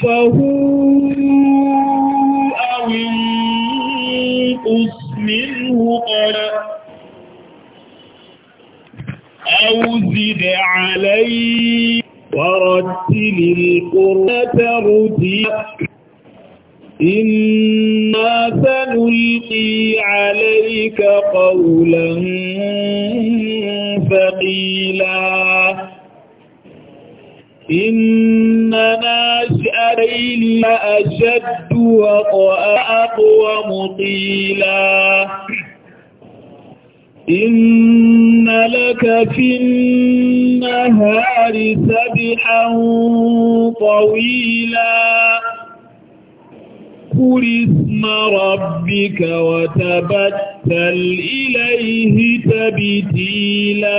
خلفه أو انقص منه قلق أو زد عليه ورتل القرآن ترتيلا إنا سنلقي عليك قولا ثقيلا إننا النارين أشد وأقوم قيلا إن لك في النهار سبحا طويلا قل اسم ربك وتبتل إليه تبتيلا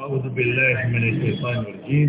أعوذ بالله من الشيطان الرجيم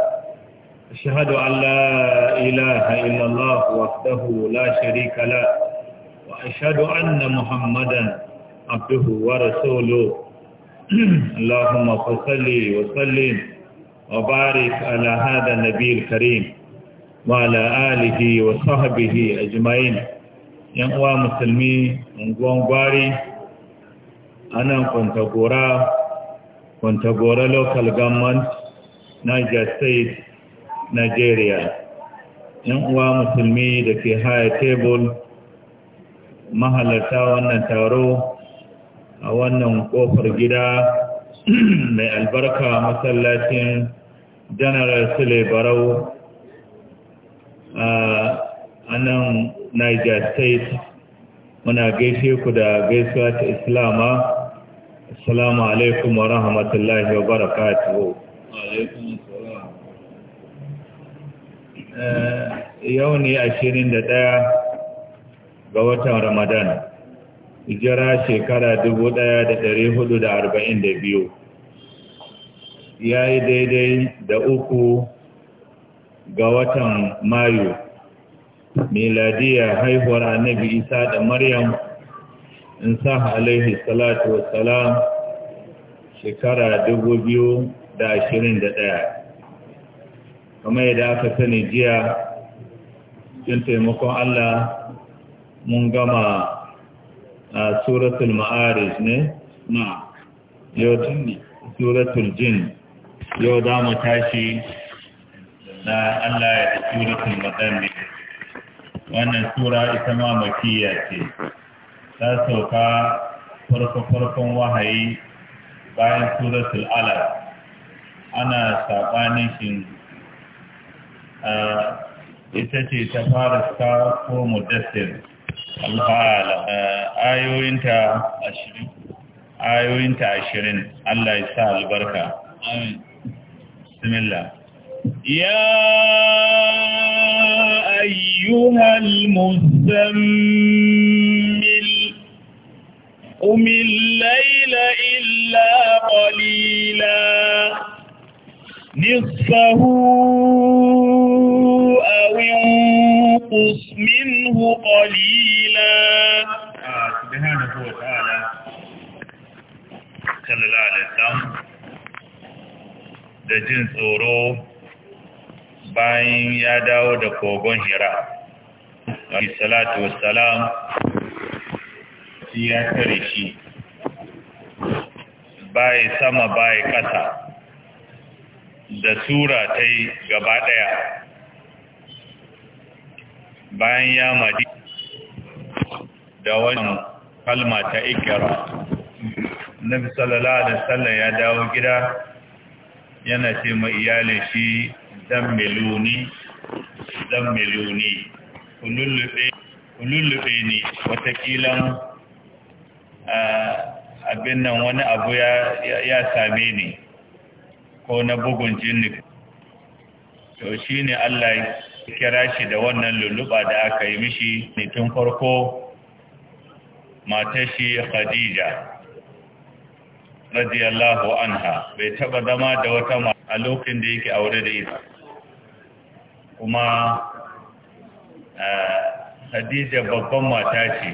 أشهد أن لا إله إلا الله وحده لا شريك له وأشهد أن محمدا عبده ورسوله اللهم صل وسلم وبارك على هذا النبي الكريم وعلى آله وصحبه أجمعين yan uwa musulmi unguwan gwari a nan kwantagora kwantagora local government niger state Nigeria ‘Yan uwa musulmi da ke haya tebul mahalarta wannan taro a wannan kofar gida mai albarka masallacin General Sule Barau a nan Niger State muna gaishe ku da gaisuwa ta Islama. Assalamu alaikum wa rahmatullahi wa barakatuhu. Eh, yau ne ashirin da ɗaya ga watan ramadan Jira shekara dubu ɗaya da ɗari hudu da arba'in da biyu ya yi daidai da uku ga watan mayu miladiya haihuwar annabi isa da maryam in sa alaihi salatu wasalam shekara dubu biyu da ashirin da ɗaya kamar yadda aka sani jiya cikin taimakon Allah mun gama a suratul ne na yau suratul jin yau za mu tashi na Allah ya suratul madani wannan sura ita ma makiya ce ta sauka farko-farkon wahayi bayan suratul alaq ana saɓanin shi ita ce ta fara sa ko mudassir Allah ayoyinta ashirin ayoyinta ashirin Allah ya sa albarka amin bismillah ya ayyuhal muzammil qumil layla illa qalila نصفه أو انقص منه قليلا سبحانه وتعالى صلى الله عليه وسلم da jin tsoro bayan ya dawo da kogon hira wani salatu wassalam ya tare shi baya sama baya ƙasa. da sura ta yi gaba ɗaya bayan ya madi da wani kalma ta ikira nabi sallallahu alaihi wasallam ya dawo gida yana ce ma iyalin shi dan miluni dan miluni kululluɓe ne watakilan ah, abin nan wani abu ya same ni ko na bugun jini to shi ne Allah ya kira shi da wannan lulluɓa da aka yi mishi ne tun farko mata shi Khadija radiyallahu anha bai taba zama da wata a lokacin da yake aure da ita kuma Khadija babban mata ce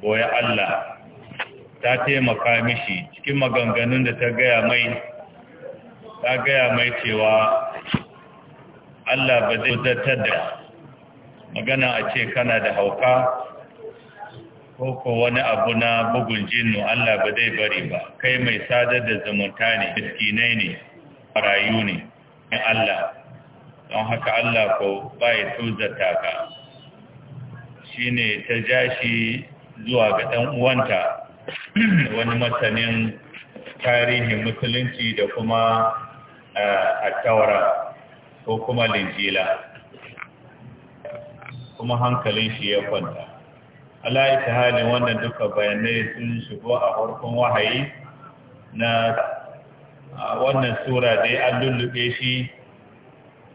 boye Allah ta taimaka mishi cikin maganganun da ta gaya mai ta gaya mai cewa Allah ba zai zartar da magana a ce kana da hauka ko ko wani abu na bugun jinnu Allah ba zai bari ba kai mai sadar da zumunta ne miskinai ne rayu ne in Allah don haka Allah ko bai tuzata ka shine ta jashi zuwa ga dan uwanta wani masanin tarihin musulunci da kuma attaura ko kuma linjila kuma hankalin shi ya kwanta Allah ta halin wannan duka bayanai sun shigo a farkon wahayi na wannan sura dai an lulluɓe shi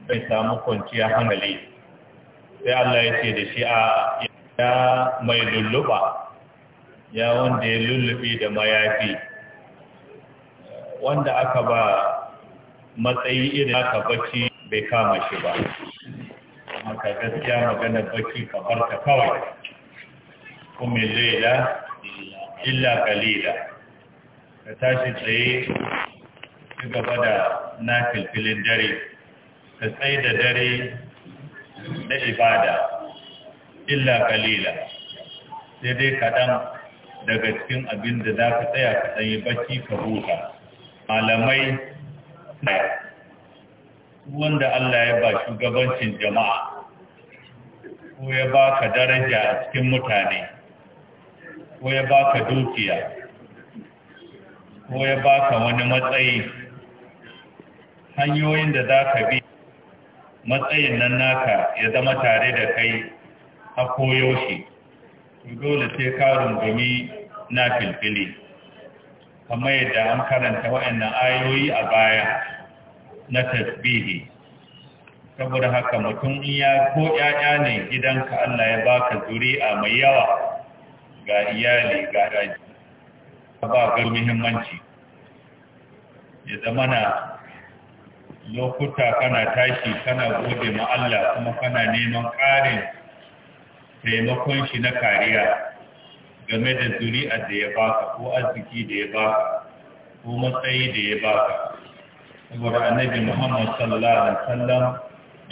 bai samu kwanciya hankali sai Allah ya ce da shi a ya mai lulluba ya wanda ya lullube da mayafi wanda aka ba matsayi irin haka bacci bai kama shi ba maka gaskiya magana bacci ka barka kawai kuma laila illa kalila ka tashi tsaye ci gaba da na filfilin dare ka tsaye da dare na ibada illa kalila sai dai kaɗan daga cikin abin da za ka tsaya ka tsaye bacci ka huta malamai wanda Allah ya ba shugabancin jama'a ko ya ba ka daraja a cikin mutane ko ya ba ka dukiya ko ya ba ka wani matsayi hanyoyin da za ka bi matsayin nan naka ya zama tare da kai a koyaushe dole sai ka rungumi na filfili kamar yadda an karanta waɗannan ayoyi a baya na tasbihi saboda haka mutum iya ko 'ya'ya ne gidanka Allah ya baka zuri'a mai yawa ga iyali ga daji ba ga muhimmanci ya zama na lokuta kana tashi kana gode ma Allah kuma kana neman ƙarin taimakon shi na kariya game da zuri'a da ya baka ko arziki da ya baka ko matsayi da ya baka saboda annabi Muhammad sallallahu alaihi wasallam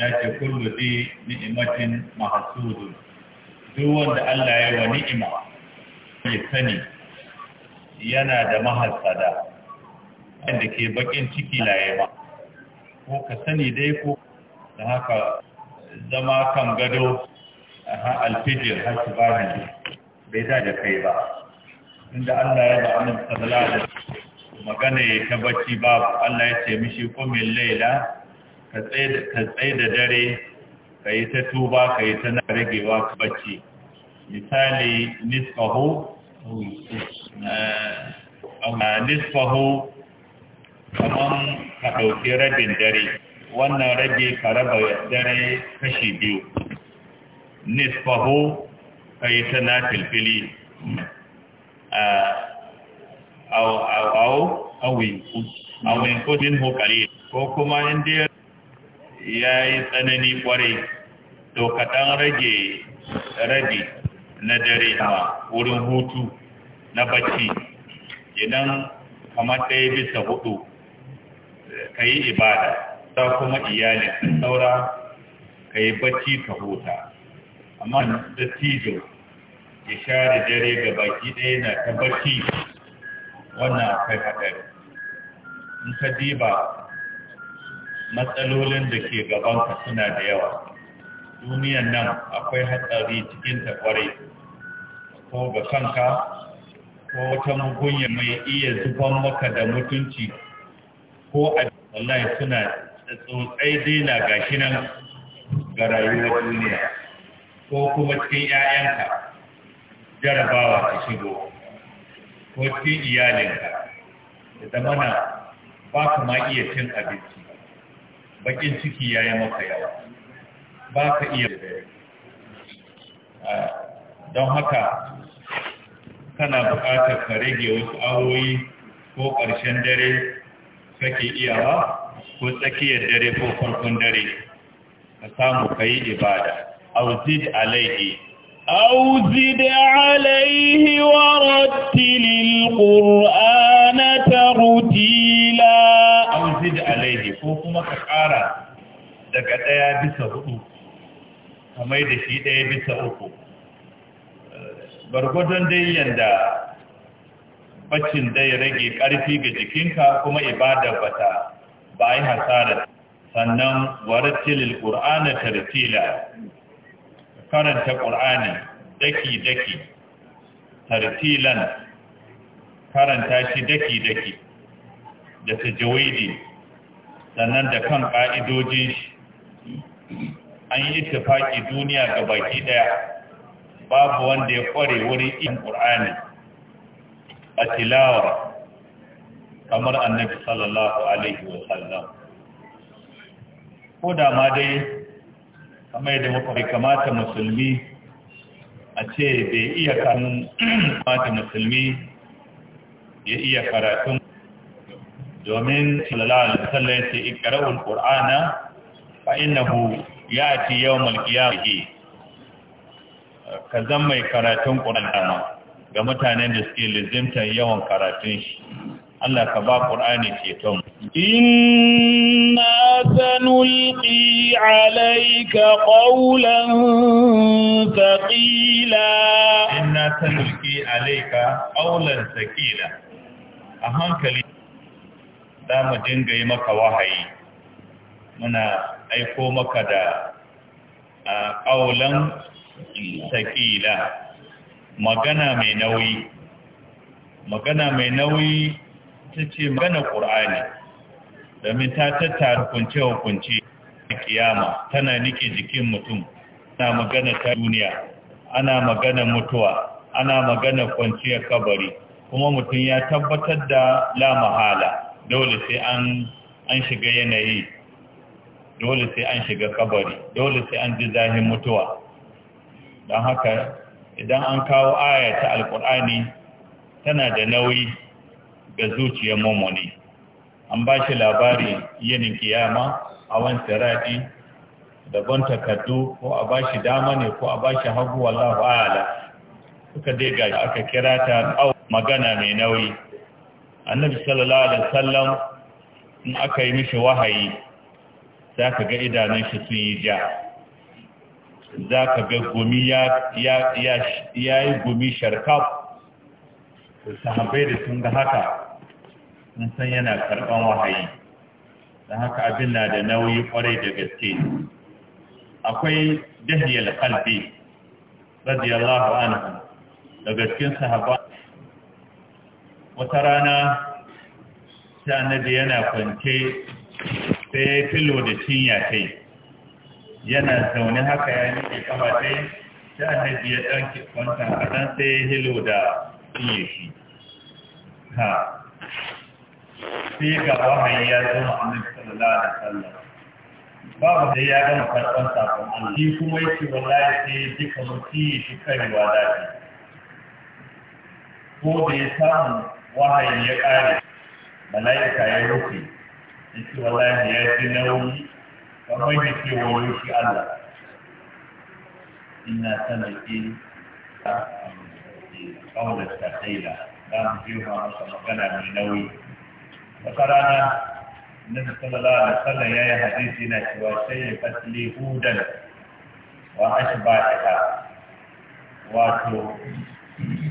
ya ce kullu di ni'matin mahsudun duk wanda Allah ya wa ni'ima ya sani yana da mahasada wanda ke bakin ciki laye ko ka sani dai ko da haka zama kan gado a alfijir har su bai da kai ba inda Allah ya ba annabi sallallahu alaihi wasallam magana ya ta bacci babu Allah ya ce mishi kumin laila ka tsaye da dare ka yi ta tuba ka yi ta na ragewa ka bacci misali nisfahu eh, nisfahu kaman ka ɗauki rabin dare wannan rage ka raba dare kashi biyu nisfahu ka yi ta na filfili eh, awo yankudin hukari ko kuma inda ya yi tsanani kwarai to kaɗan rage rabi na dare ma wurin hutu na bacci idan kamar ɗaya bisa hudu ka yi ibada ta kuma iyalin saura ka yi bacci ka huta amma da tijo ya share dare ga baki ɗaya na ta bacci wannan akwai haɗari in ka diba matsalolin da ke gabanka suna da yawa duniyan nan akwai hatsari cikin kwarai ko ga kanka ko wata mugunya mai iya zuban maka da mutunci ko a wallahi suna da tsotsai daina gashi nan ga rayuwar duniya ko kuma cikin 'ya'yanka jarabawa ta shigo ko cikin iyalinka da zamana ba ka ma iya cin abinci bakin ciki ya yi maka yawa ba ka iya don haka kana bukatar ka rage wasu awoyi ko ƙarshen dare kake iyawa ko tsakiyar dare ko farkon dare ka samu ka yi ibada A auzid alaihi أو زد عليه ورتل القرآن ترتيلا أو زد عليه ɗaya كقارا دقايا بس da shi ɗaya bisa uku. هدو bargwadon dai yanda baccin dai rage ƙarfi ga jikinka kuma ibada bata ba yi hasara sannan tilil ƙur'ana tartila karanta ƙur'ani daki-daki tartilan karanta shi daki-daki da tajawidi sannan da kan ƙa'idojin shi an yi ittifaki duniya ga baki ɗaya babu wanda ya ƙware wurin in ƙur'ani a tilawa kamar annabi sallallahu alaihi wasallam ko da ma dai kamar yadda bai kamata musulmi a ce bai iya kanun kamata musulmi ya iya karatun domin sallallahu alaihi wasallam ya ce ikra'ul qur'ana fa innahu ya'ti yawmal ka zan mai karatun qur'ani ga mutanen da suke lizimtar yawan karatun shi Allah ka ba qur'ani ceton inna sanulqi alayka qawlan thaqila inna sanulqi alaika qawlan thaqila a hankali da mu dinga yi maka wahayi muna aiko maka da qawlan taƙila. magana mai nauyi magana mai nauyi tace magana ƙur'ani. domin ta tattara kunce-kunce kiyama tana nike jikin mutum ana magana ta duniya ana magana mutuwa ana magana kwanciyar kabari kuma mutum ya tabbatar da la mahala dole sai an shiga yanayi dole sai an shiga kabari dole sai an ji zahin mutuwa don haka idan an kawo aya ta alkur'ani tana da nauyi ga zuciyar mummuni an ba shi labari yinin kiyama a wancan raɗi daban takardu ko a ba shi dama ne ko a ba shi hagu wallahu ala suka dai ga aka kira ta magana mai nauyi annabi sallallahu alaihi wasallam in aka yi mishi wahayi za ka ga idanun shi sun yi ja za ka ga gumi ya yi gumi sharkaf sahabai da sun ga haka mun san yana karɓan wahayi da haka abin na da nauyi kwarai da gaske akwai dahiyar kalbi radiyallahu anhu daga cikin sahaba wata rana sai annabi yana kwance sai ya filo da cinya kai yana zaune haka ya nike kama sai sai annabi ya ɗan kwanta ɗan sai ya hilo da cinye shi sai ga wahayi ya zo ma annabi sallallahu alaihi wasallam babu da ya gama karɓar sakon Allah shi kuma yake wallahi sai duka mutiyi shi karewa dace ko da ya samu wahayi ya kare mala'ika ya rufe yake wallahi ya ji nauyi kamar da ke wani shi Allah ina sanake a ƙaunar ta taila za mu je ma masa magana mai nauyi wata rana na sallallahu alaihi wasallam ya yi hadisi na cewa sai fasli hudan wa ashba'aha wato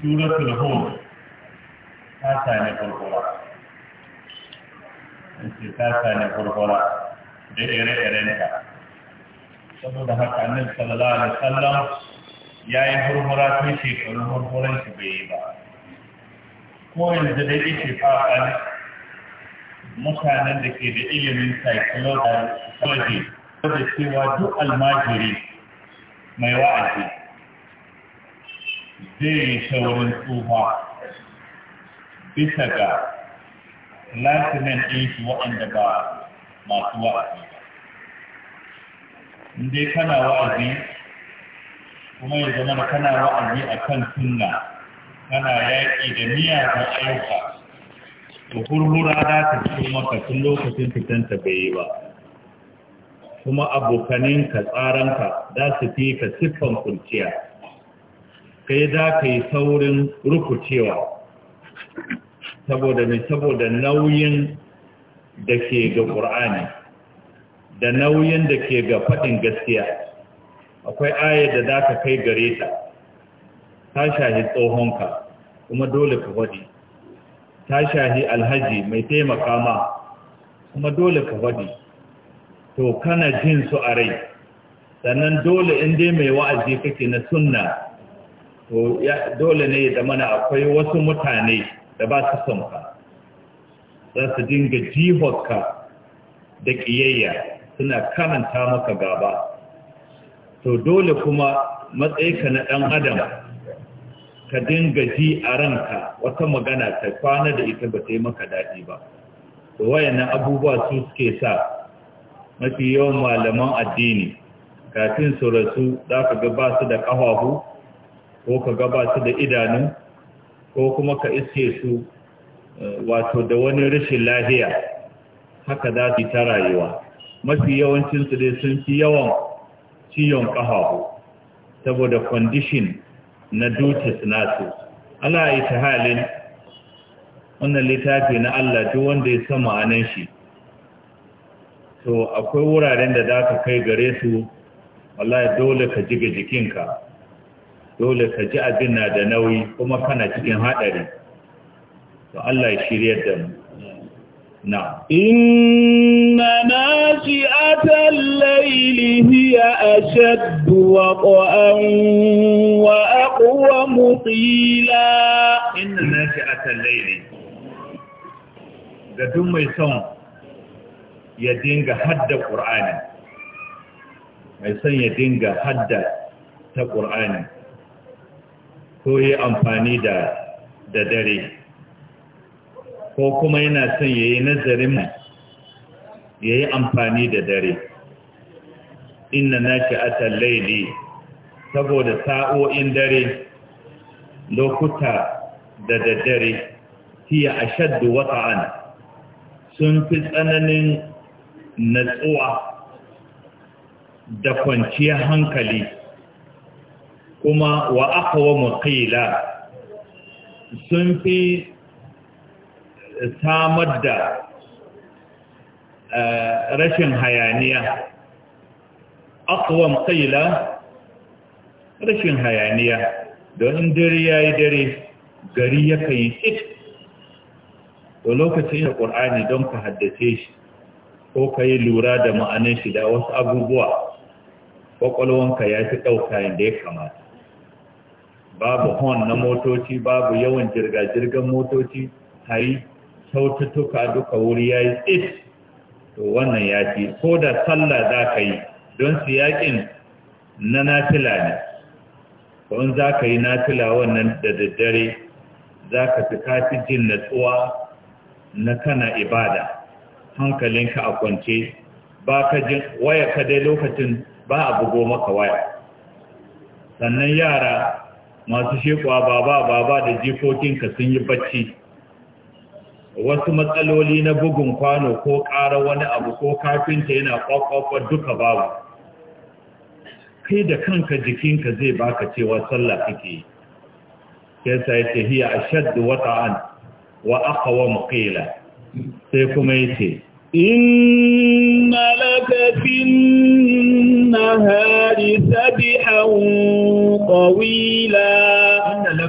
suratul hud ta sani gurgura ce ta sani gurgura da ire-irenta saboda haka annabi sallallahu alaihi wasallam ya yi hurmura tun shekarun hurmuran shi bai yi ba ko yanzu dai yake fafa mutanen da ke da ilimin psychology da cewa duk almajiri mai wa'azi zai yi shawarin tsufa bisa ga lasinan ɗin shi waɗanda ba masu wa'azi ba. Inde kana wa'azi kuma ya zama kana wa'azi a kan sunna kana yaƙi da miyagun ayyuka to hurhura za ta fito maka tun lokacin fitanta bai yi ba kuma abokaninka tsaranka za su fi ka siffan kunciya kai za ka yi saurin rukucewa saboda mai saboda nauyin da ke ga ƙur'ani da nauyin da ke ga faɗin gaskiya akwai ayar da za ka kai gare ta ta shahi tsohonka kuma dole ka faɗi ta shahi alhaji mai taimaka ma kuma dole ka faɗi to kana jin su a rai sannan dole in dai mai wa'azi kake na sunna to dole ne da mana akwai wasu mutane da ba su son ka za su dinga jihonka da ƙiyayya suna karanta maka gaba to dole kuma matsayinka na dan adam ka dinga ji a ranka wata magana ta kwana da ita ba ta yi maka daɗi ba da wayannan abubuwa su suke sa mafi yawan malaman addini kafin su rasu za ka ga ba su da ƙafafu ko ka ga ba su da idanu ko kuma ka iske su eh, wato da wani rashin lahiya haka za su ta rayuwa mafi yawancinsu dai sun fi yawan ciyon ƙafafu saboda kwandishin na dutis nasu Ana yi ta halin wannan littafi na Allah duk wanda ya san ma'anan shi to akwai wuraren da zaka kai gare su wallahi dole ka ga jikinka dole ka ji abin na da nauyi kuma kana cikin haɗari to Allah ya shiryar da mu na inna nashi'atal layli hiya ashad wa qa'an wa وهو مطيلا إن ناشئة الليل ga duk mai son ya dinga hadda qur'ani mai son ya dinga hadda ta qur'ani ko yi amfani da da dare ko kuma yana son ya yi nazarin ya yi amfani da dare inna na shi laili saboda sa'o'in dare lokuta da daddare hiya ashaddu wata'an sun fi tsananin natsuwa da kwanciyar hankali kuma wa aqwa muqila sun fi samar da eh, rashin hayaniya aqwa muqila rashin hayaniya don dare ya yi dare gari ya kai sit to lokacin da ƙur'ani don ka haddace shi ko ka yi lura da ma'anin shi da wasu abubuwa ƙwaƙwalwanka ya fi ɗaukayen da ya kamata babu hon na motoci babu yawan jirga jirgan motoci hari saututtuka duka wuri ya yi tsit to wannan ya fi ko da sallah za ka yi don siyakin na nafila ne don za ka yi natila wannan da daddare za ka fi kafi jin natsuwa na kana ibada hankalinka a kwance ba ka jin waya ka dai lokacin ba a bugo maka waya sannan yara masu shekwa baba baba da jikokinka sun yi bacci wasu matsaloli na bugun kwano ko ƙara wani abu ko kafinta yana ƙwaƙwaƙwa duka babu kai da kanka jikinka zai baka cewa sallah kake yi yasa yake hiya wata wata'an wa aqwa qila sai kuma yace inna laka fin nahari sabihan qawila inna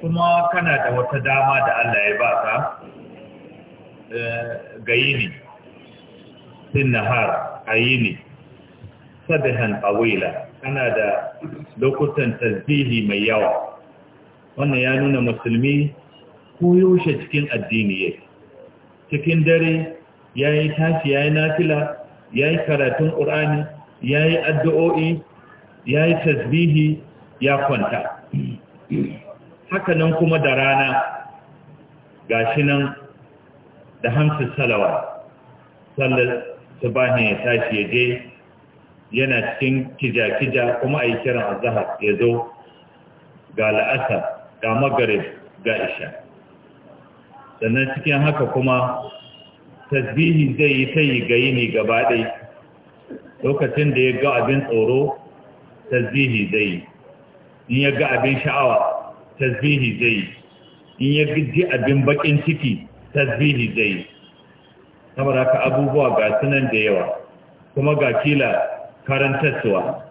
kuma kana da wata dama da Allah ya baka eh, gayi ne na a yi ne sabihan awila ana da lokutan tasbihi mai yawa wannan ya nuna musulmi koyaushe cikin addini yake cikin dare ya yi tashi ya yi nafila ya yi karatun ƙur'ani ya yi addu'o'i ya yi tasbihi ya kwanta hakanan kuma da rana gashi nan da hamsin salawa sallar ne ya tashi ya je yana cikin kija-kija kuma a yi kiran azahar ya zo ga la'asa ga magarib ga isha sannan cikin haka kuma tasbihi zai yi ta yi ga gaba ɗai lokacin da ya ga abin tsoro tasbihi zai yi in ya ga abin sha'awa tasbihi zai yi in ya ji abin baƙin ciki tasbihi zai yi saboda haka abubuwa ga sunan da yawa kuma ga kila karantarsuwa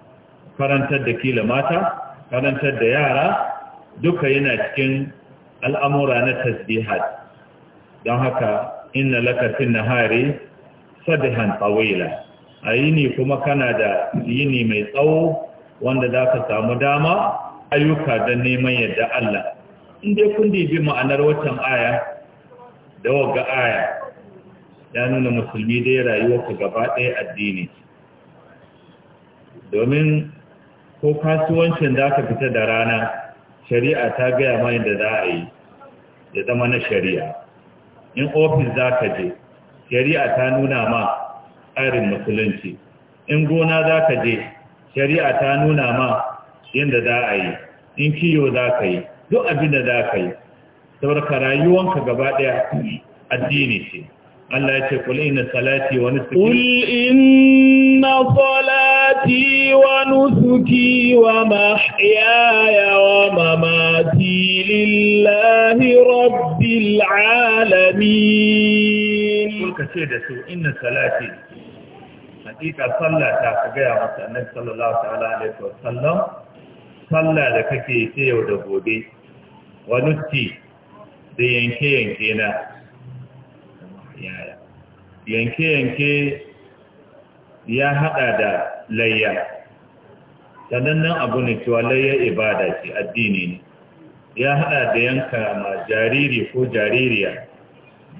karantar da kila mata karantar da yara duka yana cikin al'amura na tasbihat don haka inna na hari sadihan tsawila a yini kuma kana da yini mai tsawo wanda za ka samu dama ayyuka don neman yadda Allah inda kun bi ma'anar watan aya da waga aya ya nuna musulmi dai rayuwarsa gaba ɗaya addini domin ko kasuwancin da aka fita da rana shari'a ta gaya mai da za a yi ya zama na shari'a in ofis za ka je shari'a ta nuna ma tsarin musulunci in gona za ka je shari'a ta nuna ma yadda za a yi in kiyo za ka yi duk abin da za ka yi saboda rayuwanka gaba ɗaya addini ce Allah ya ce kul inna salati wa nusuki kul inna salati wa nusuki wa mahyaya wa mamati lillahi rabbil alamin kul kace da su inna salati hakika sallata ka ga ya masa annabi sallallahu ta'ala alaihi wa sallam da kake yi yau da gobe wa nusuki da yanke yanke na yaya yanke-yanke ya hada da layya sanannen abu ne cewa layya ibada ce addini ne ya hada da yanka ma jariri ko jaririya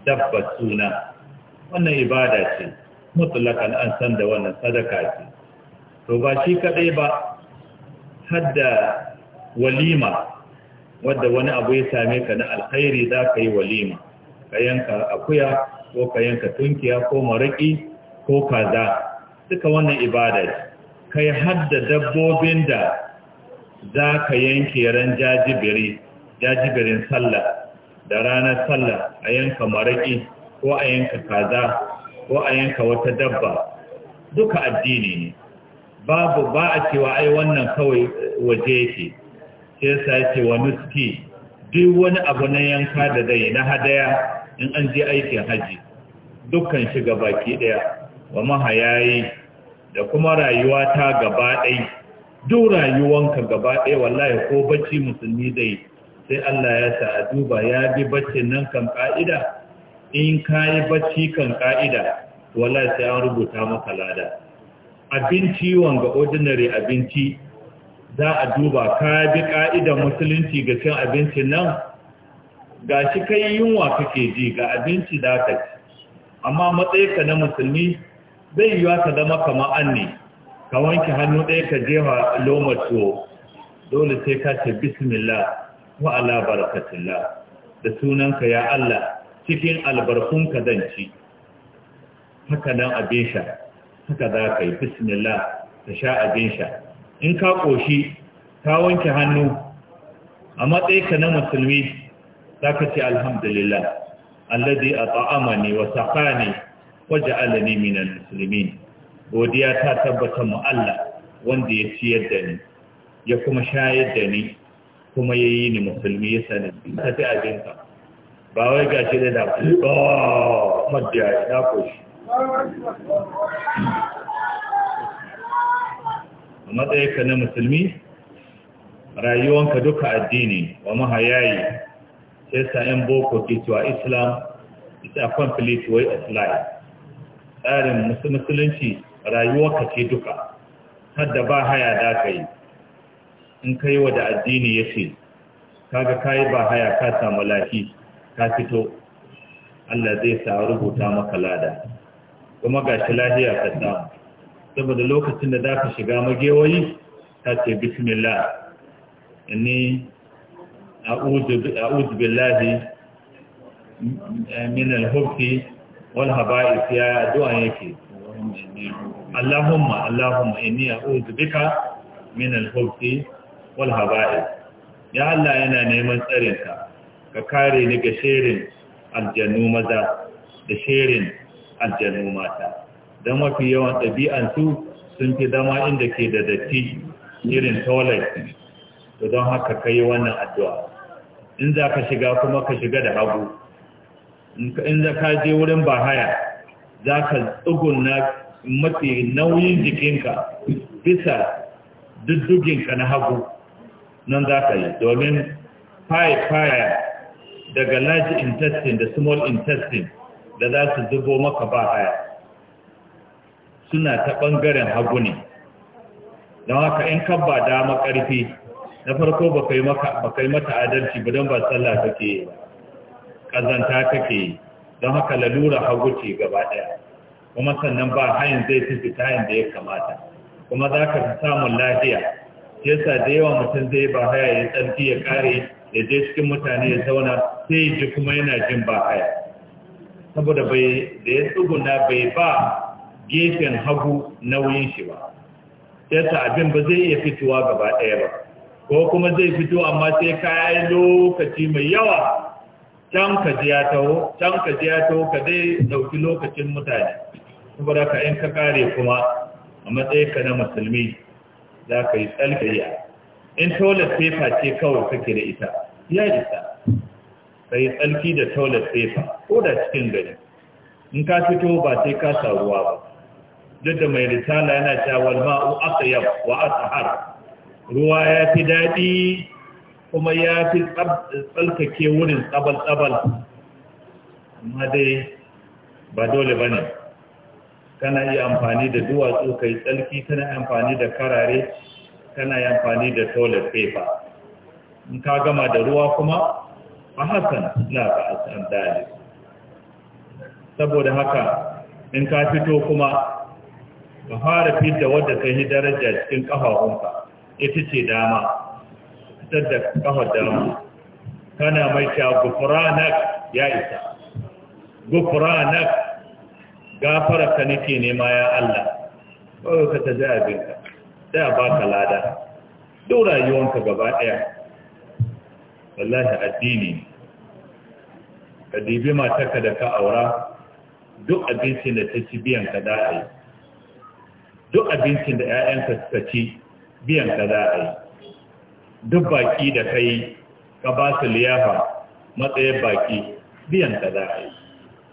dabba suna wannan ibada ce mutulakan an san da wannan sadaka ce to ba shi kadai ba hadda walima wadda wani abu ya same ka na alkhairi za ka yi walima ka yanka akuya ko ka yanka tunkiya ko maraƙi ko kaza duka wannan ibada kai hadda dabbobin da za ka yanke ran jajibiri jajibirin sallah da ranar sallah a yanka maraki ko a yanka kaza ko a yanka wata dabba duka addini ne babu ba a cewa ai wannan kawai eh, waje yake sai sai ce wa nuski duk wani abu na yanka da dai na hadaya in an je aikin haji dukkan shi baki ɗaya wa mahayayi da kuma rayuwa ta gaba ɗai duk rayuwanka gaba ɗai wallahi ko bacci musulmi dai sai Allah ya sa a duba ya bi baccin nan kan ka'ida in ka yi bacci kan ka'ida wallahi sai an rubuta maka lada abinci wanga ordinary abinci za a duba ka bi ƙa'idan musulunci ga cin abincin nan ga shi kai yunwa kake ji ga abinci da ka ci amma matsayinka na musulmi zai yiwa ka zama an ne ka wanke hannu ɗaya ka jefa loma tuwo dole sai ka ce bismillah wa ala barakatillah da sunanka ya Allah cikin albarkun ka zan ci haka nan abin sha haka za ka yi bismillah ka sha abin sha in ka ƙoshi ka wanke hannu a matsayinka na musulmi za ka ce alhamdulillah alladhi at'amani wa saqani wa ja'alani minal muslimin godiya ta tabbata mu Allah wanda ya ciyar yadda ni ya kuma shayar da ni kuma ya yi ni musulmi ya sani ta ta abinka ba wai ga shi da da oh madiya na koshi a matsayinka na musulmi rayuwanka duka addini wa mahayayi sai sa 'yan boko ke cewa islam is a complete way of life tsarin musulunci ka ce duka Har da ba haya da ka yi in ka yi wa da addini ya ce kaga ka yi ba haya ka samu lafi ka fito allah zai sa rubuta maka lada kuma ga shi lahiya ka samu saboda lokacin da za ka shiga magewayi ta ce bismillah ni a'udhu billahi min al haba'is ya addu'a yake Allahumma Allahumma inni a'udhu bika min al-hubbi haba'is ya Allah yana neman tsarinka ka kare ni ga shirin aljannu maza da aljannu mata don mafi yawan ɗabi'ansu sun fi zama inda ke da datti irin tolai. don haka ka yi wannan addu'a in za ka shiga kuma ka shiga da hagu in za ka je wurin bahaya za ka tsuguna matse nauyin jikinka bisa dudduginka na hagu nan za ka yi domin faya daga large intestine da small intestine da za su zubo maka bahaya suna ta ɓangaren hagu ne don haka in kabba dama ƙarfi na farko ba kai mata adalci ba don ba sallah take yi ba ƙazanta take yi don haka lalura hagu ce gaba ɗaya kuma sannan ba hayin zai fi ta hayin da ya kamata kuma za ka fi samun lafiya yasa da yawan mutum zai ba haya ya tsarki ya kare ya je cikin mutane ya zauna sai ji kuma yana jin ba haya saboda bai da ya tsuguna bai ba gefen hagu nauyin shi ba yasa abin ba zai iya fitowa gaba ɗaya ba ko kuma zai fito amma sai kayan lokaci mai yawa can ka ji ya taho can ka ji ya taho ka dai dauki lokacin mutane saboda ka in ka kare kuma a matsayin ka na musulmi za ka yi tsalkariya in toilet paper ce kawai kake da ita ya isa sai tsalki da toilet paper ko da cikin gari in ka fito ba sai ka sa ruwa ba duk da mai risala yana cewa walma'u aqyab wa har? ruwa ya fi daɗi kuma ya fi tsalkake wurin tsabal-tsabal amma dai ba dole ba ne kana yi amfani da duwatsu kai tsalki kana amfani da karare kana yi amfani da toilet paper in ka gama da ruwa kuma a hasan na ba a san dali saboda haka in ka fito kuma ka fara fita wadda ka yi daraja cikin ƙafafunka ita ce dama fitar da kafar dama kana mai cewa Gufuranak ya isa Gufuranak? gafararka nake nema ya Allah kawai ka ta zai abinka sai a baka lada duk rayuwanka gaba ɗaya wallahi addini ka dibi matarka da ka aura duk abincin da ta ci biyan ka da a yi duk abincin da 'ya'yanka suka ci biyan ka za a yi duk baki da ka yi ka ba su liyafa matsayin baki biyan ka za a yi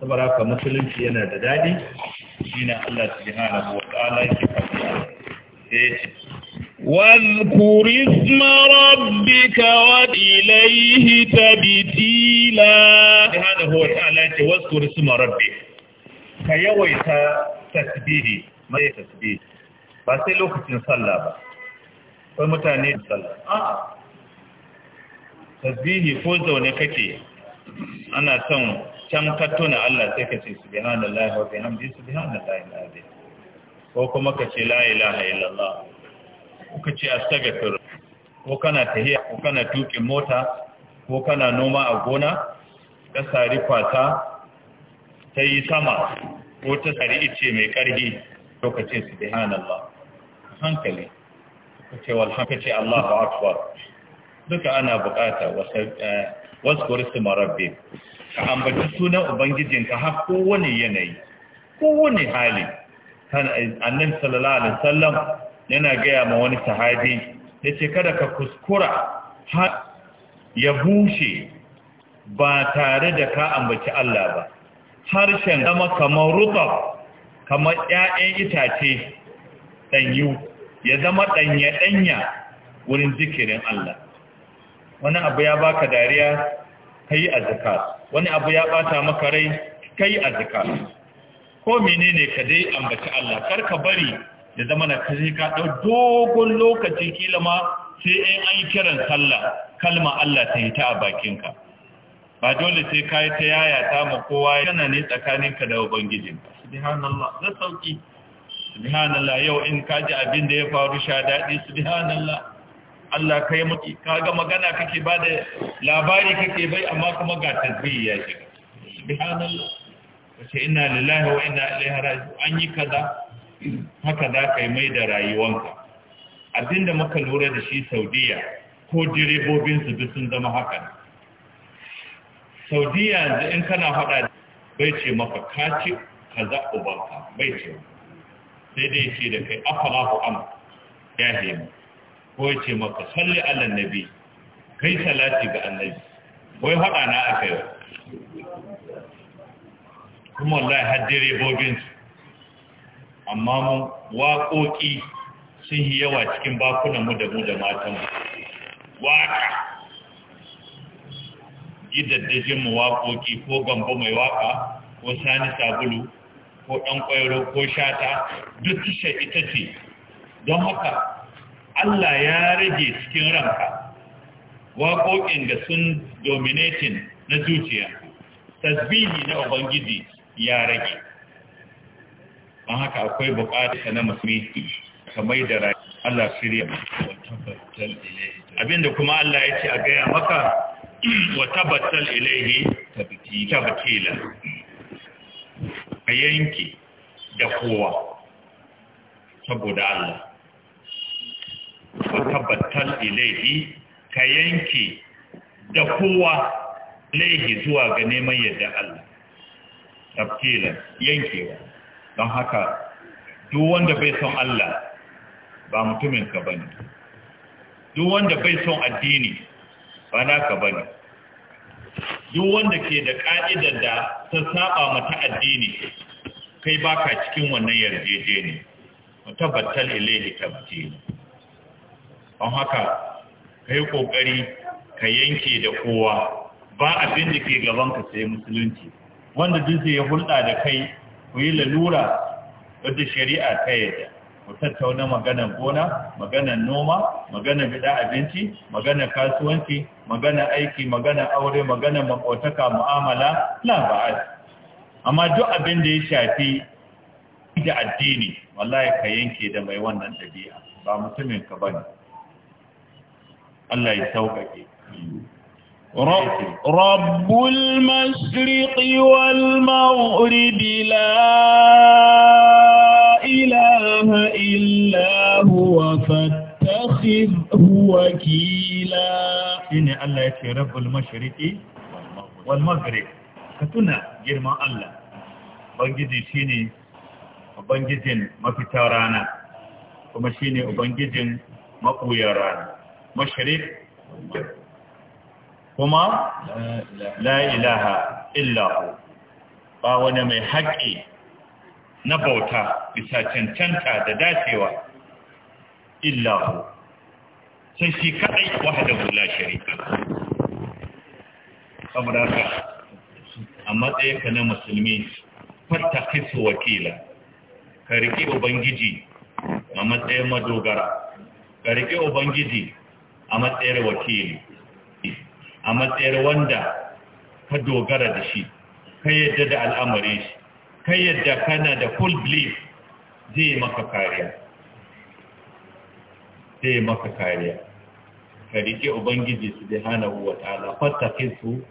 saboda ka musulunci yana da daɗi shi na Allah su subhanahu wa ta'ala yake faɗi sai واذكر اسم ربك وإليه تبتيلا هذا هو الآلة واذكر اسم ربك فيويت تسبيه ما هي تسبيه بس لوقت صلى بس ko mutane da sallah a'a tasbihi ko zaune kake ana son can ka tuna Allah sai ka ce subhanallahi wa bihamdihi subhanallahi alazim ko kuma ka ce la ilaha illallah ko ka ce astaghfir ko kana tahiya ko kana tukin mota ko kana noma a gona ka sari kwata ta yi sama ko ta sari ice mai karhi to ka ce subhanallah hankali ce walhamdu ce Allahu akbar duka ana bukata wasu eh, kurisu marabbi ka ambaci sunan ubangijinka har kowane yanayi kowane hali annabi sallallahu alaihi sallam yana gaya ma wani sahabi ce kada ka kuskura ya bushe ba tare da ka ambaci Allah ba harshen zama kamar rutab kamar 'ya'yan itace danyu ya zama ɗanya-ɗanya wurin zikirin Allah wani abu ya baka dariya kai azkar wani abu ya ɓata maka rai kai azkar ko menene ka dai ambaci Allah kar ka bari ya zama na kaje ka dau dogon lokaci kila ma sai an an kiran sallah kalma Allah ta yi ta a bakinka ba dole sai ka yi ta yaya ta ma kowa yana ne tsakaninka da Ubangijin. subhanallah da sauki subhanallah yau in kaji abin da ya faru sha daɗi subhanallah Allah kai mutu kaga magana kake ba da labari kake bai amma kuma ga tasbihi ya shiga subhanallah wace ina lillahi wa inna ilaihi raji'un an yi kaza haka za ka yi mai da rayuwanka abinda muka lura da shi saudiya ko direbobinsu su sun zama haka saudiya yanzu in kana faɗa bai ce maka kaci kaza ubanka bai ce sai dai ce da kai afalahu am ya hemu ko ya ce maka salli ala nabi kai salati ga annabi wai haɗa na a yi kuma wallahi har bobin amma mu waƙoƙi sun yi yawa cikin bakunan mu da mu da matanmu waƙa mu waƙoƙi ko gambo mai waƙa ko sani sabulu ko ɗan ƙwairo ko shata duk tushe ita ce don haka Allah ya rage cikin ranka waƙoƙin da sun dominatin na zuciya tasbihi na ubangiji ya rage don haka akwai buƙata na musulmi kamar da rayu Allah shirya abinda kuma Allah ya ce a gaya maka wa tabbatar ilaihi tabbatila ka yanki da kowa saboda Allah ka batal ilaihi ka yanki da kowa laihi zuwa ga neman yadda Allah tabtilan yankewa don haka duk wanda bai son Allah ba mutumin ka bane duk wanda bai son addini ba naka bane duk wanda ke da ƙa'idar da ta saba mata addini kai baka cikin wannan yarjejeni mutabbatal ilaihi tabtil don haka kai kokari ka yanke da kowa ba abin da ke gaban ka sai musulunci wanda duk zai hulɗa da kai ku yi lalura da shari'a ta yadda mu tattauna maganar gona maganar noma maganar gida abinci maganar kasuwanci maganar aiki maganar aure maganar makotaka mu'amala na ba'ad amma duk abin da ya shafi da addini wallahi ka yanke da mai wannan ɗabi'a. ba mutumin ka bane Allah ya sauƙaƙe رب المشرق والمغرب لا إله إلا هو فاتخذه وكيلا إن الله يتي رب المشرق والمغرب كتنا جرما الله بنجدي شيني Ubangijin mafita rana, kuma shi ne Ubangijin maɓuyar rana, mashirik kuma la ilaha illahu ba wani mai haƙƙi na bauta bisa cancanta da dacewa illahu sai shi kadai wahdahu la sharika saboda haka a matsayinka na musulmi fattakisu wakila ka riƙe ubangiji a matsayin madogara ka riƙe ubangiji a matsayin wakili a matsayin wanda ka dogara da shi ka yadda da al'amari shi ka yadda kana da full belief zai maka kariya zai maka kariya ka rike ubangiji su da hana wa ta'ala fattakin su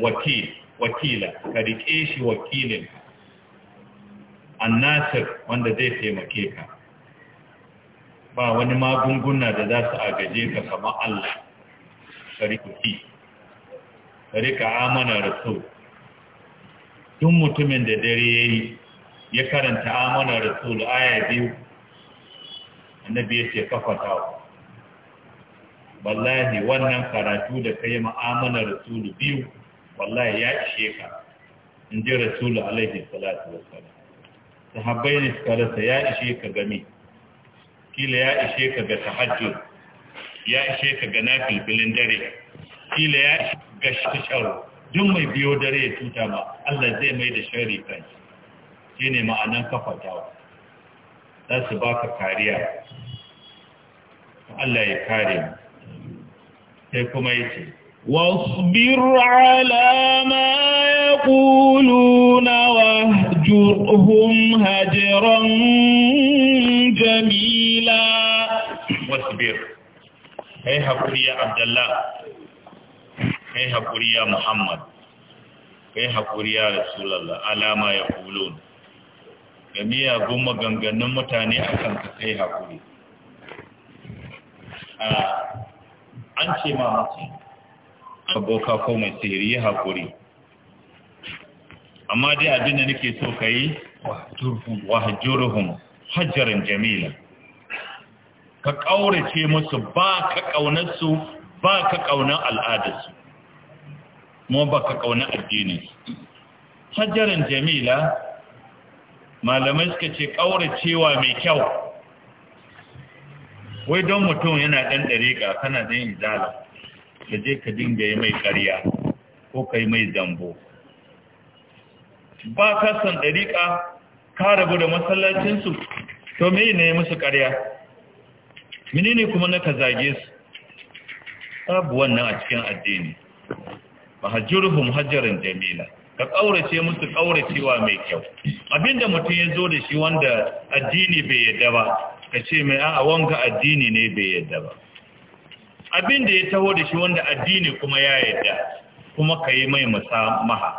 wakil wakila ka rike shi wakilin annasir wanda zai taimake ka ba wani magunguna da za su agaje ka kama Allah ka rike ka rike amana rasul Tun mutumin da dare ya yi ya karanta amana tsoro aya biyu annabi ya ce kafata wallahi wannan karatu da ka yi ma'amana rasulu biyu wallahi ya ishe ka in ji rasulu alaihi salatu wassalam sahabbai ne suka rasa ya ishe ka game kila ya ishe ka ga tahajjud ya ishe ka ga filin dare kila ya ishe ga shasharo duk mai biyo dare ya tuta ba Allah zai mai da shari kan shi Shi ne ma'anan kafatawa za su baka kariya Allah ya kare mu sai kuma ya ce واصبر على ما يقولون واهجرهم هجرا جميلا واصبر أي حقري Hakuri عبد الله kai haƙuri ya muhammad kai hakuri ya rasulallah alama ya kulun ga gun maganganun mutane a kan ka kai an ce ma mutum aboka ko mai sihiri ya haƙuri amma dai abin da nake so ka yi wahajjuruhum hajjarin jamila ka ƙaurace musu ba ka ƙaunarsu ba ka ƙaunar al'adarsu ba baka kauna addini hajjaran jamila malamai suka ce kauracewa mai kyau wai don mutum yana dan dariƙa kana yin zala, ka je ka dinga yi mai ƙarya ko ka yi mai zambo ba ka san dariƙa ka rabu da masallacinsu to me ne musu ƙarya ne kuma na ka zage su babu wannan a cikin addini mahajjuruhum hajjaran jamila ka kaurace musu kauracewa mai kyau abinda mutum ya zo da shi wanda addini bai yadda ba ka ce mai a'a wanga addini ne bai yadda ba abinda ya taho da shi wanda addini kuma ya yadda kuma ka yi mai musamaha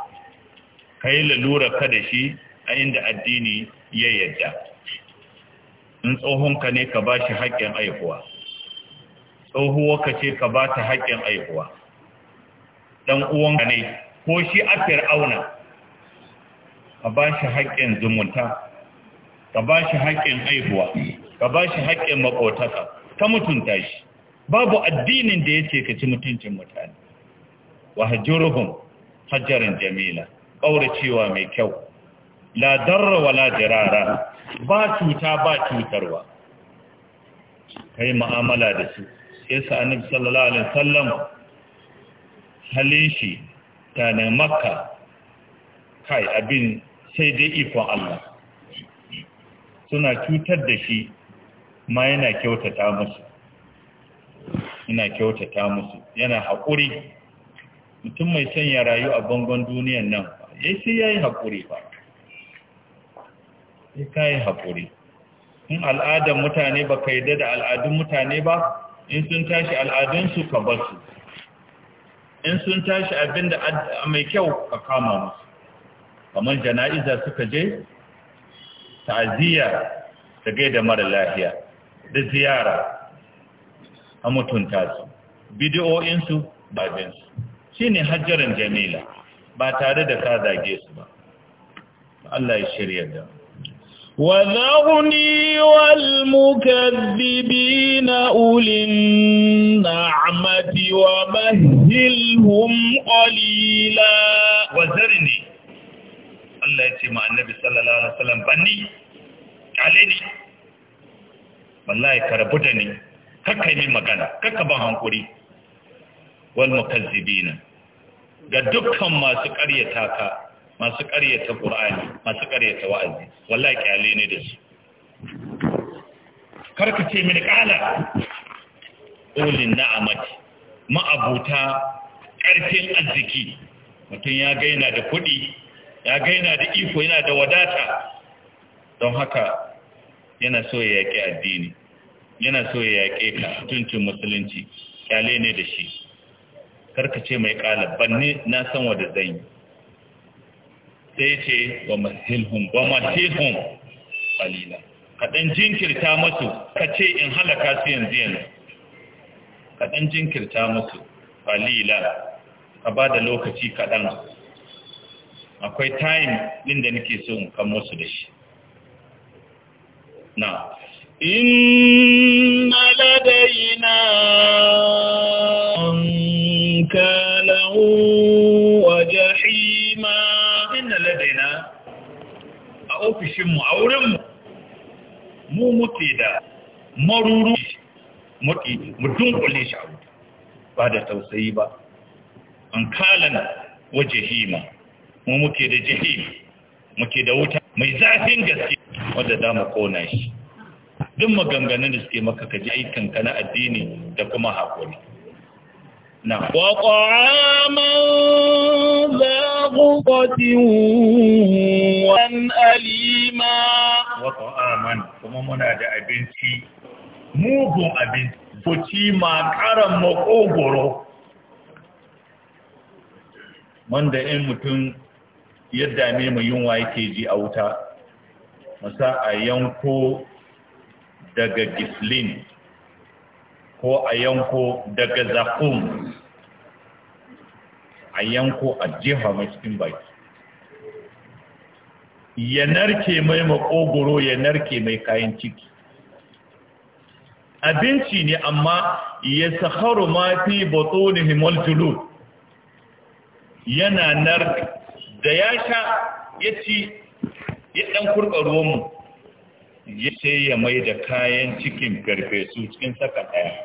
ka yi lalura ka da shi a inda addini ya yadda in tsohonka ne ka ba shi haƙƙin aihuwa tsohuwa ka ce ka ba ta haƙƙin aihuwa dan uwanka ne ko shi a fir'auna ka ba shi haƙƙin zumunta ka ba shi haƙƙin aihuwa ka ba shi haƙƙin maƙotaka ka mutunta shi babu addinin da ya ce ka ci mutuncin mutane wa hajjuruhum hajjarin jamila ƙauracewa mai kyau ladarra wa ladirara ba cuta ba cutarwa kai mu'amala da su sai sa annabi sallallahu alaihi wasallam halin shi ta na maka. kai abin sai dai ikon Allah suna cutar da shi ma yana kyautata musu yana kyautata musu yana haƙuri mutum mai sanya ya rayu a bangon duniyan nan ya eh, sai ya yi haƙuri ba ya ka yi haƙuri in al'adar mutane ba ka yi da al'adun mutane ba in sun tashi al'adunsu ka basu in sun tashi abin da mai kyau ka kama musu kamar jana'iza suka je ta'aziyya ta gaida mara lafiya da ziyara a mutunta su bidiyoyinsu babinsu shi ne hajjarin jamila ba tare da ka zage su ba Allah ya shirya da mu وذرني والمكذبين أولي النعمة ومهلهم قليلا وذرني الله يتمع النبي صلى الله عليه وسلم بني عليني والله كربتني ككي من مكان ككبا هنقري والمكذبين ga dukkan masu ƙaryata ka masu ƙaryata ƙur'ani masu ƙaryata wa'azi wallahi ƙyale ne da shi karka ce min ƙala ulin na'amat, ma'abuta ƙarfin arziki mutum ya gaina da kuɗi ya gaina da iko yana da wadata don haka yana so ya yaƙi addini yana so ya yaƙe ka tuncin musulunci ƙyale ne da shi karka ce mai ƙala banni na san wa da zan yi sai ce wa masilhum wa matihum qalila ka jinkirta musu ka ce in halaka su yanzu yanzu ka jinkirta musu qalila ka ba da lokaci kaɗan akwai time ɗin da nake so in kan musu da shi na inna ladaina an ofishinmu a wurinmu mu muke da maruru muke mutum kulle shi a wuta ba da tausayi ba an kalan wa jihima mu muke da jihima muke da wuta mai zafin gaske wadda za mu kona shi duk maganganun da suke maka ka kaji aikanka na addini da kuma haƙuri na waƙo مغضة وأن أليما وطعاما وممنا دا أبنتي موغو ma wanda in mutum ya dame mu yunwa yake ji a wuta masa a yanko daga gislin ko a yanko daga zakum a yanko a jefa mai cikin baki ya narke mai makogoro ya narke mai kayan ciki abinci ne amma ya saharu ma fi batunihim wal yana nar da ya sha ya ci ya dan kurɓa ya ce ya mai da kayan cikin garfe su cikin saka ɗaya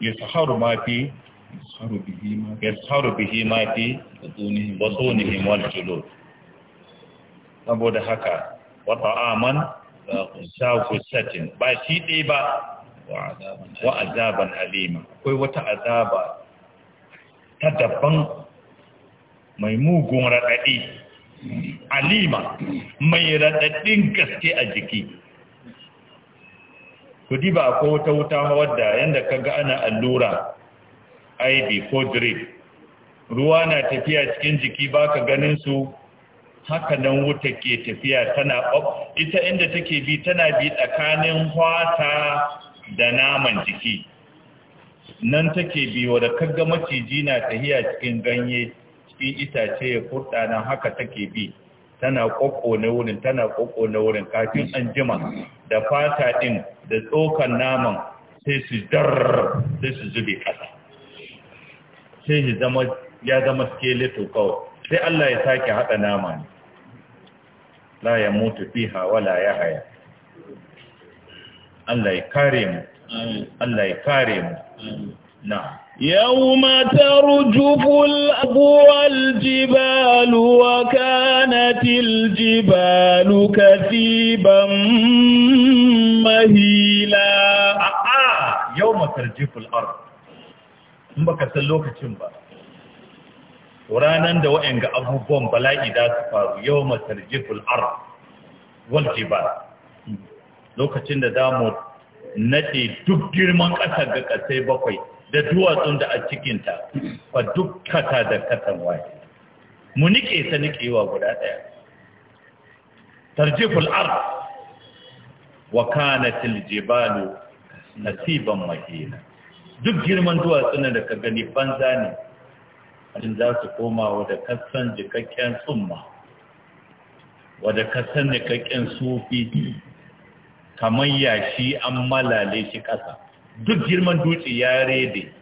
ya saharu ma fi yasharu bihi ma fi batunihim wal julud saboda haka wa ta'aman sha satin, ba shi dai ba wa azaban alima akwai wata azaba ta daban mai mugun raɗaɗi alima mai raɗaɗin gaske a jiki kudi ba ko wata wuta wadda yadda kaga ana allura IV ko drip ruwa na tafiya cikin jiki baka ganin su haka nan wuta ke tafiya tana ita inda take bi tana bi tsakanin hwata da naman jiki nan take bi wadda kaga maciji na tafiya cikin ganye cikin itace ya furta nan haka take bi tana kokko na wurin tana kokko na wurin kafin an jima da fata din da tsokan naman sai su dar sai su zube kasa sai ya zama skeleto kawai sai Allah ya sake haɗa nama ne la ya mutu fiha wala ya haya Allah ya kare mu Allah ya kare mu na Jibalu, wa الأب Jibalu وكانت mahila. كثيبا مهيلا يوم ترجف الأرض in baka san lokacin ba ranan da wa'anga abubuwan bala'i da su faru yau matar jiful ar wal lokacin da damu nade duk girman ƙasa ga ƙasai bakwai da duwatsun da a cikinta fa duk kata da katan waye mu nike ta nikewa guda ɗaya tarjiful ar wa kanatil jibalu nasiban mahina duk girman duwatsun da ka gani banza ne Wajen za su koma wadda kasan jikakken tsumma wadda kasan jikakken sufi kamar yashi an malale shi ƙasa duk girman dutse ya rede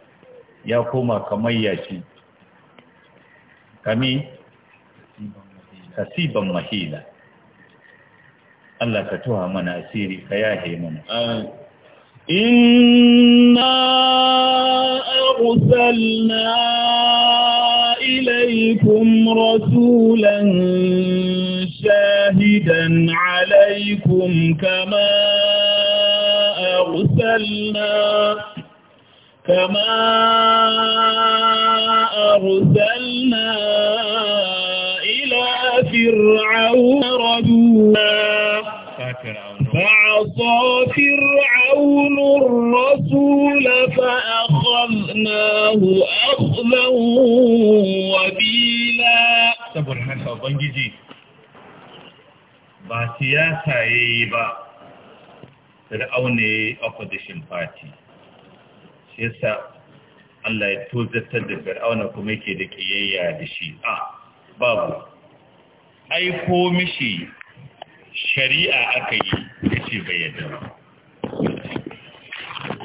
ya koma kamar yashi kami kasiban mahila Allah ka tuha mana asiri ka yahe mana إنا أرسلنا إليكم رسولا شاهدا عليكم كما أرسلنا كما أرسلنا إلى فرعون رجولا عصى فرعون الرسول فأخذناه أخذا وبيلا saboda haka ubangiji ba siyasa ya yi ba fir'aune opposition party shi yasa Allah ya tozartar da fir'auna kuma yake da kiyayya da shi babu aiko mishi shari'a aka yi ce bai yadda ba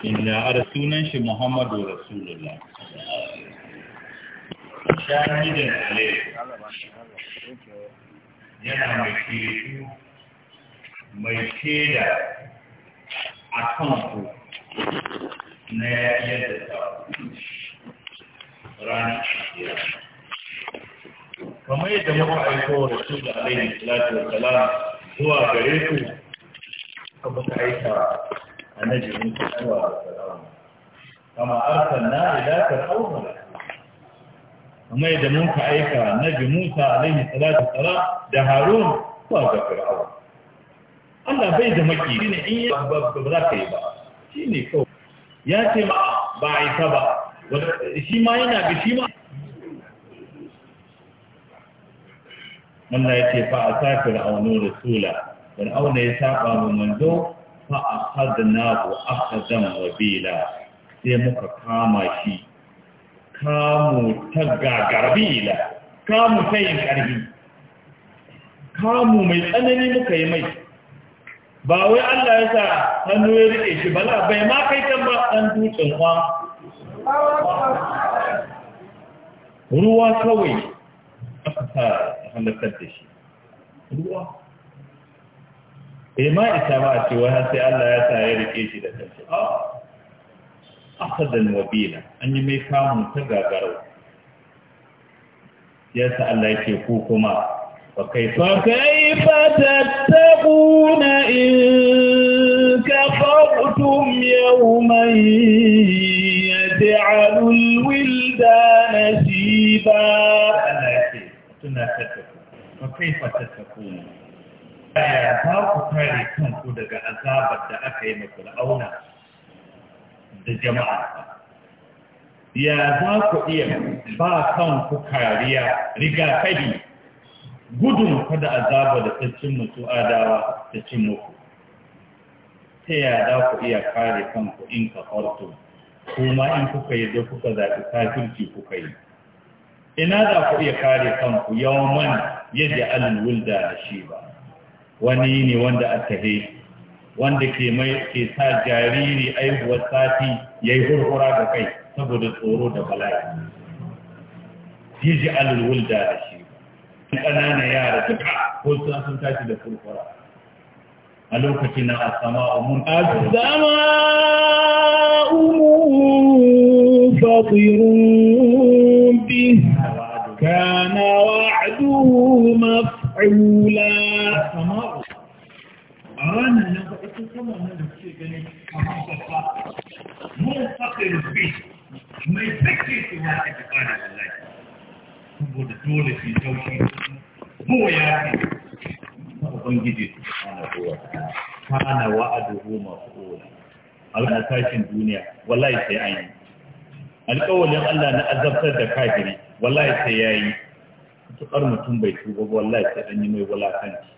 inda a da sunan shi muhammadu rasulullah shahidan alayhi yana mai kiritu mai shaida a kan ku na yadda ta ranar shirya kamar yadda muka aiko rasulullah alayhi salatu wa salam zuwa gare ku فقط عيسى النجم من سنوى kama arsalna ilaka qauman amma idan mun ka aika annabi Musa alaihi salatu salam da Harun zuwa ga Fir'aun Allah bai da maki ne in ya ba za ka yi ba shine kawai ya ce ma ba a aika ba shi ma yana ga shi ma Allah ya ce fa asafir aunu rasula fir'auna ya saba mu manzo fa akhadnahu akhadan wabila sai muka kama shi kamu ta gagarbila kamu ta yin karfi kamu mai tsanani muka yi mai ba wai Allah ya sa hannu ya rike shi bala bai ma kai kan ba ɗan dutsen wa ruwa kawai aka sa halittar da shi bai eh, ma isa ma ce har sai Allah ya sa ya rike shi da kanshi a ah. asadan wabila an yi mai kamun ta gagarau ya sa Allah ce ku kuma fa kaifa kaifa tattaquna in kafartum yawman yaj'alu al-wildana shiba Allah yake tuna tattaku fa kaifa tattakuna yaya za ku kare kanku daga azabar da aka yi mafi auna da jama'a ya za ku iya ba kanku kariya rigakafi gudun kada azaba da ta mutu adawa ta cin muku ta ya za ku iya kare kanku in ka farto kuma in kuka yi da kuka zaɓi kafirci kuka yi ina za ku iya kare kanku yawon man yadda alwulda da shi ba wani ne wanda a he, wanda ke mai ke sa jariri aihuwar sati ya yi hurhura ga kai saboda tsoro da bala'i jiji alulwul da shi ƙananan yara duka ko sun sun tashi da hurhura a lokacin na asama umun azama umun fatirun bi kana wa'aduhu maf'ula musamman nan da suke gani kamar babba mun saka rufi mai sake su ma ake fara wallahi saboda dole shi taushi boya ne ubangiji su ana kowa kana wa'aduhu mafuula a wannan tashin duniya wallahi sai an yi alƙawalin Allah na azabtar da kafiri wallahi sai yi. tukar mutum bai tuba wallahi sai an yi mai wulakanci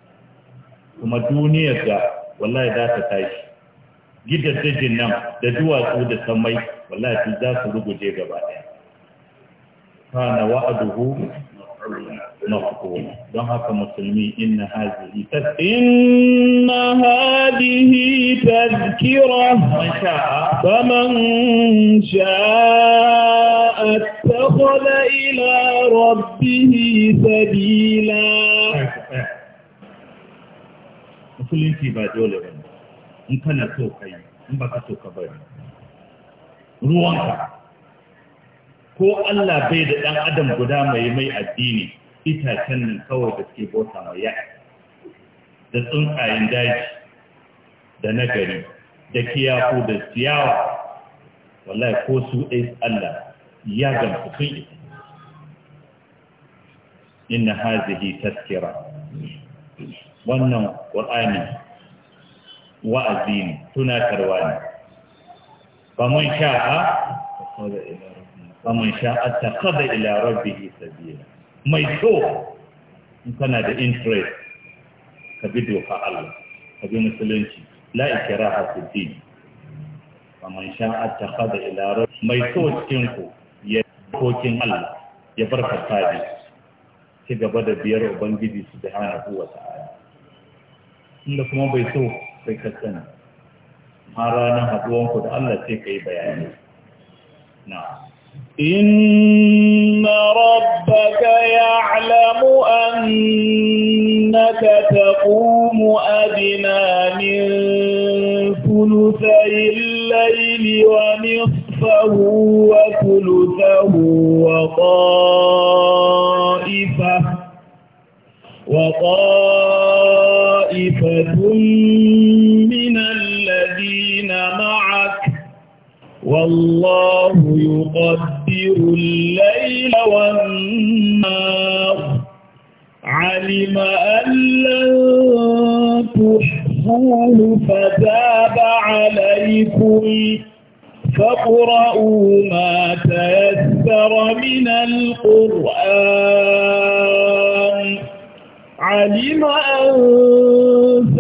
kuma duniyar da wallahi za ta tashi gidan dajin nan da duwatsu da samai wallahi su za su ruguje gaba kana wa'aduhu maqbul don haka musulmi inna hadhihi inna hadhihi tadhkira fa man sha'a attakhadha ila rabbihi sabila eh, eh. musulunci ba dole ba in kana so ka in ba ka so ka bari ruwanka ko Allah bai da ɗan adam guda mai mai addini itacen nan kawai da suke bota mai ya da tsuntsayen daji da nagari da kiyafu da ciyawa wallahi ko su ɗai Allah ya gamsu sun isa inna hazihi taskira wannan ƙur'ani wa'azi ne tunatarwa ne faman sha'a faman sha'a ta kada ila rabbihi sabila mai so in kana da interest ka bi doka Allah ka bi musulunci la ikraha fi din faman sha'a ta kada ila rabbihi mai so cikinku ku ya kokin Allah ya farka tabi ci gaba da biyar ubangiji subhanahu wa ta'ala inda kuma bai so sai ka sani har ranar haɗuwanku da Allah sai ka yi bayani na إن ربك يعلم أنك تقوم أدنى من ثلثي الليل ونصفه وثلثه وطائفة وطائفة لهم من الذين معك والله يقدر الليل والنار علم أن لن تحصوه فتاب عليكم فاقرؤوا ما تيسر من القرآن علم أن